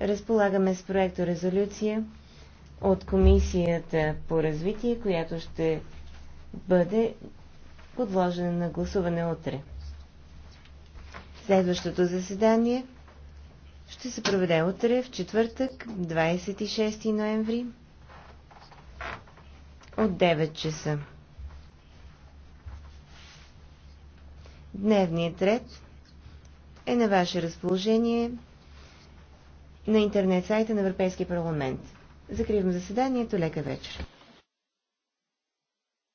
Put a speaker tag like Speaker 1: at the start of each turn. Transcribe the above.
Speaker 1: разполагаме с проекта резолюция от Комисията по развитие, която ще бъде подложена на гласуване утре. Следващото заседание ще се проведе утре в четвъртък, 26 ноември от 9 часа. Дневният ред е на ваше разположение на интернет сайта на Европейския парламент. Закривам заседанието. Лека вечер.